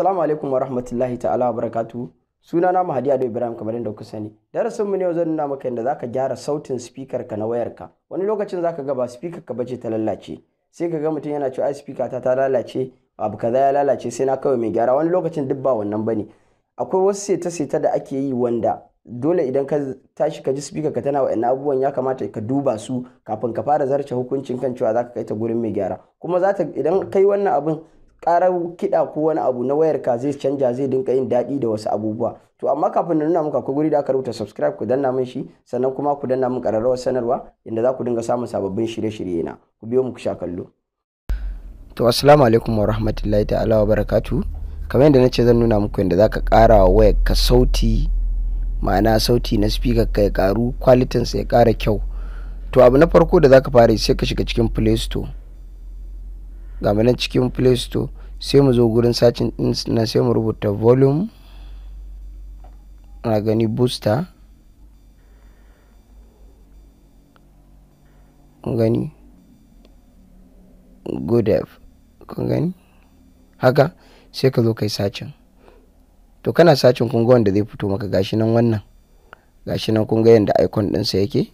Assalamu alaikum wa rahmatullahi ta'ala wa barakatu. Suna na Mahadi Ado Ibrahim kamar yadda kuka sani. Darasin mu ne yau zan nuna maka yadda zaka gyara sautin speaker ka na wayarka. Wani lokacin zaka ga ba speaker ka bace ta lalace. Sai ka ga mutum yana cewa ai speaker ta ta lalace, abu kaza ya lalace sai na kawai mai gyara. Wani lokacin duk ba wannan bane. Akwai wasu seta-seta da ake yi wanda dole idan ka tashi ka ji speaker ka tana wa'annan abubuwan ya kamata ka duba su kafin ka fara zarce hukuncin kan cewa zaka kai ta gurin mai gyara. Kuma zata idan kai wannan abin karar kiɗa ko wani abu na wayar ka zai canja zai dinka yin daɗi da wasu abubuwa to amma kafin na nuna muku guri da aka rubuta subscribe ku danna min shi sannan kuma ku danna min ƙararrawar sanarwa inda za ku dinga samun sababbin shirye-shirye na ku biyo mu ku sha kallo to assalamu alaikum wa rahmatullahi ta'ala wa barakatu kamar yadda nace zan nuna muku yadda ka kara wa wayar ka sauti ma'ana sauti na speaker ka ya ƙaru kwalitin sa ya kara kyau to abu na farko da zaka fara sai ka shiga cikin play store ga mana cikin play store sai mu zo gurin sacin din na sai mu rubuta volume na gani booster gani good f kun gani haka sai ka zo kai sacin to kana sacin kun ga wanda zai fito maka gashi nan wannan gashi nan kun ga yadda icon ɗinsa yake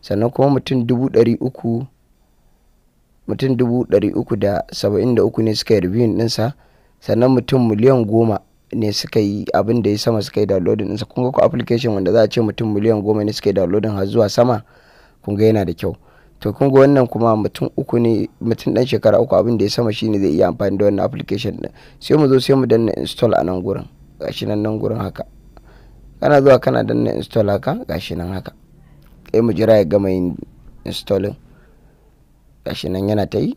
sannan kuma mutum dubu ɗari uku mutum 373 ne suka yi reviewing dinsa sannan mutum miliyan goma ne suka yi abin da ya sama suka yi downloading dinsa kun ga ko application wanda za a ce mutum miliyan goma ne suka yi downloading har zuwa sama kun ga yana da kyau to kun ga wannan kuma mutum uku ne mutum dan shekara uku abin da ya sama shine zai iya amfani da wannan application din sai mu zo sai mu danna install a nan gurin gashi nan nan gurin haka kana zuwa kana danna install haka gashi nan haka sai mu jira ya gama yin installing gashi nan yana ta yi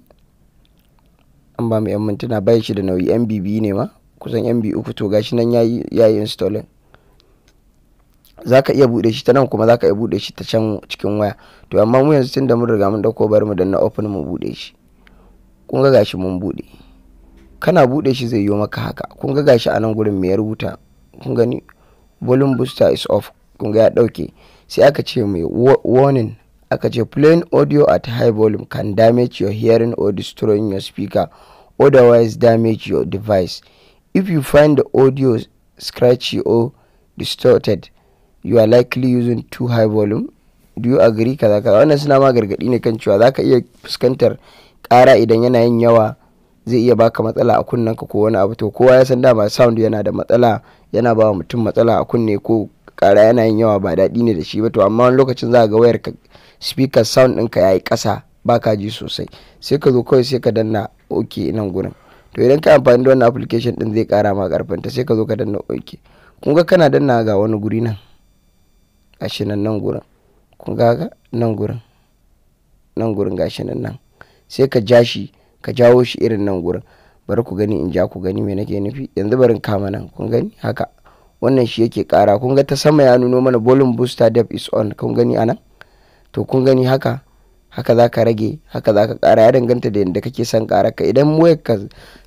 an ba mu 'yan mintuna bai shi da nauyi yan biyu ne ma kusan mb uku to gashi nan ya yi installing za ka iya bude shi ta nan kuma za ka iya bude shi ta can cikin waya to amma mu yanzu tun da mun riga mun dauko bari mu danna open mu bude shi kun ga gashi mun bude kana bude shi zai yi maka haka kun ga gashi a nan gurin mai rubuta kun gani volume booster is off kun ga ya dauke sai aka ce mai warning aka ce playing audio at high volume can damage your hearing or destroying your speaker otherwise damage your device if you find the audio scratchy or distorted you are likely using too high volume do you agree kaza kaza wannan suna ma gargadi ne kan cewa zaka iya fuskantar kara idan yana yin yawa zai iya baka matsala a kunnen ka ko wani abu to kowa ya san dama sound yana da matsala yana ba mutum matsala a kunne ko kara yana yin yawa ba daɗi ne da shi ba to amma wani lokacin za ga wayar ka speaker sound ɗinka ya yi ƙasa ba ka ji sosai sai ka zo kawai sai ka danna ok nan gurin to idan ka amfani da wannan application ɗin zai kara ma ta sai ka zo ka danna ok kun ga kana danna ga wani guri nan a nan nan gurin kun ga nan gurin nan gurin ga nan nan sai ka ja shi ka jawo shi irin nan gurin bari ku gani in ja ku gani me nake nufi yanzu barin kama nan kun gani haka wannan shi yake kara kun ga ta sama ya nuno mana volume booster dev is on kun gani anan to kun gani haka haka za ka rage haka za ka kara ya danganta da yadda kake son kara ka idan wayar ka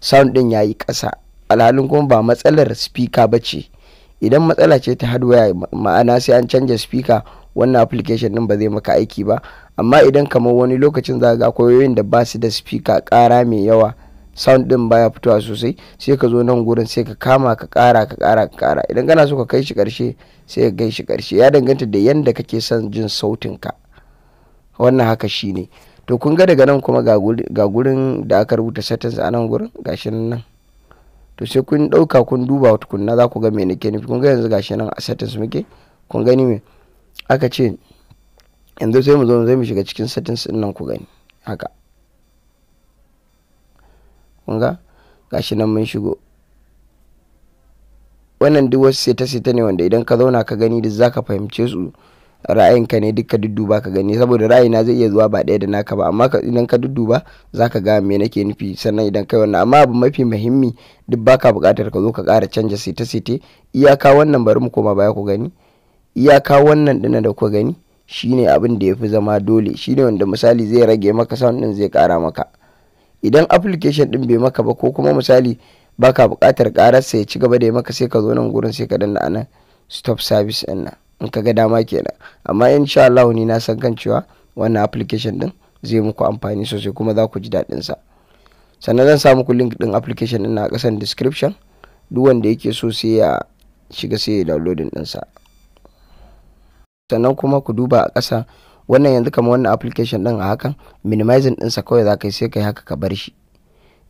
sound din yayi kasa alhalin kuma ba matsalar speaker ba ce idan matsala ce ta hardware ma'ana sai an canja speaker wannan application din ba zai maka aiki ba amma idan kamar wani lokacin za ga akwai da ba su da speaker kara mai yawa sound din baya fitowa sosai sai ka zo nan gurin sai ka kama ka kara ka kara ka kara idan kana so ka kai shi karshe sai ka kai shi karshe ya danganta da yanda kake son jin sautin ka wannan haka shine to kun ga daga nan kuma ga gurin da aka rubuta settings a nan gurin gashi nan to sai kun dauka kun duba tukunna za ku ga me nake nufi kun ga yanzu gashi nan a settings muke kun gani me aka ce yanzu sai mu zo mu shiga cikin settings din nan ku gani haka kunga gashi nan mun shigo wannan duk wasu seta seta ne wanda idan ka zauna ka gani duk zaka fahimce su ra'ayinka ne duka dudduba ka gani saboda ra'ayina zai iya zuwa ba ɗaya da naka ba amma idan ka dudduba za ga me nake nufi sannan idan kai wannan amma abu mafi muhimmi duk baka buƙatar ka zo ka ƙara canja sita sita iyaka wannan bari mu koma baya ku gani iyaka wannan ɗina da ku gani shine abin da ya fi zama dole shine wanda misali zai rage maka sound zai ƙara maka idan application din bai maka ba ko kuma misali baka buƙatar karar sai ya ci gaba da ya maka sai ka zo nan gurin sai ka danna anan stop service din nan in ka ga dama kenan amma insha Allah ni na san kan cewa wannan application din zai muku amfani sosai kuma za ku ji daɗin sa sannan zan sa muku link din application din na ƙasan description duk wanda yake so sai ya shiga sai ya download din sa sannan kuma ku duba a ƙasa wannan yanzu kamar wannan application din a hakan minimizing ɗinsa kawai za ka sai ka yi haka ka bar shi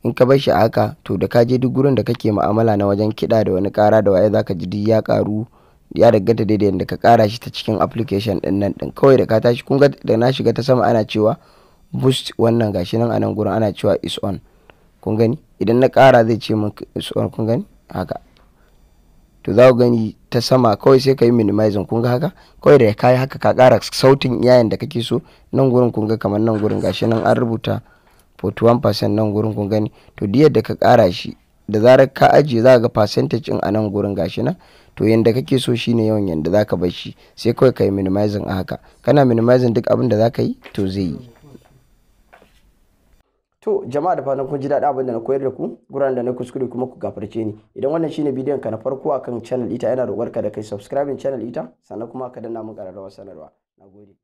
in ka bar shi a haka to da ka je duk gurin da kake mu'amala na wajen kiɗa da wani kara da waye za ka ji duk ya ƙaru ya danganta daidai da ka kara shi ta cikin application ɗin nan ɗin kawai da ka tashi kun ga da na shiga ta sama ana cewa boost wannan gashi nan a nan gurin ana cewa is on kun gani idan na kara zai ce min is on kun gani haka to za ku gani ta sama kawai sai ka yi minimizing kun ga haka kawai da ka yi haka ka kara sautin yayin da kake so nan gurin kun ga kamar nan gurin gashi nan an rubuta 41% nan gurin kun gani to diyar da ka kara shi da zarar ka ajiye za ga percentage in a nan gurin gashi nan to yanda kake so shine yawan yanda zaka bar shi sai kawai ka yi minimizing a haka kana minimizing duk abin da zaka yi to zai yi To jama'a da fatan kun ji daɗi abinda na koyar da ku guran da na kuskure kuma ku gafarce ni idan wannan shine bidiyon ka na farko akan channel ita yana roƙar ka da kai subscribing channel ita sannan kuma ka danna mun ƙararrawar sanarwa nagode